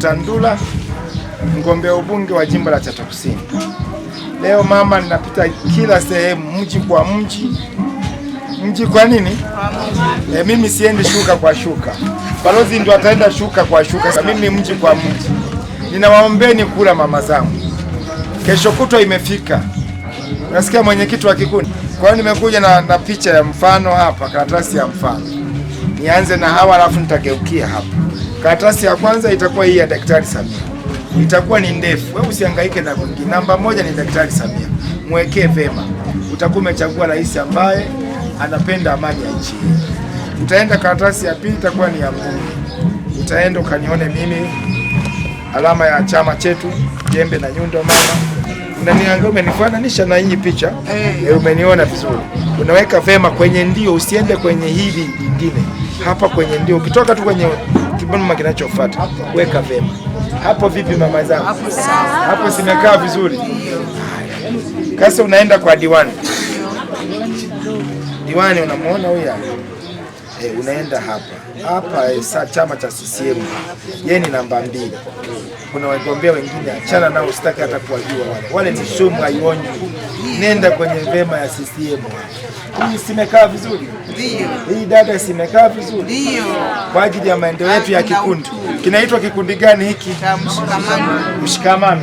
Mtandula, mgombea ubunge wa jimbo la Chato Kusini. Leo mama, ninapita kila sehemu, mji kwa mji. Mji kwa nini? E, mimi siendi shuka kwa shuka, balozi ndo ataenda shuka kwa shuka. Mimi mji kwa mji, ninawaombeni kula mama zangu. Kesho kutwa imefika, nasikia mwenyekiti wa kikundi. Kwa hiyo nimekuja na, na picha ya mfano hapa, karatasi ya mfano nianze na hawa alafu nitageukia hapa. Karatasi ya kwanza itakuwa hii ya Daktari Samia, itakuwa ni ndefu, wewe usihangaike na kwingi. Namba moja ni Daktari Samia, mwekee vema, utakuwa umechagua rais ambaye anapenda amani ya nchi. Utaenda karatasi ya pili itakuwa ni ya Mbunge, utaenda ukanione mimi alama ya chama chetu, jembe na nyundo mama Unaniangalia, umenifananisha na hii picha hey. umeniona vizuri, unaweka vema kwenye ndio, usiende kwenye hili lingine hapa kwenye ndio, ukitoka tu kwenye kibonoma kinachofuata weka vema hapo. Vipi mama zangu, hapo simekaa vizuri? Kasi unaenda kwa diwani, diwani unamwona huyu e, unaenda hapa hapa e, sa chama cha CCM yeye ni namba mbili. Kuna wagombea wengine achana nao, usitaki hata kuwajua wale wale, ni sumu haionyi. Nenda kwenye vema ya CCM. Hii simekaa vizuri, ndio hii dada simekaa vizuri, ndio kwa ajili ya maendeleo yetu ya kikundi. Kinaitwa kikundi gani hiki? Mshikamano.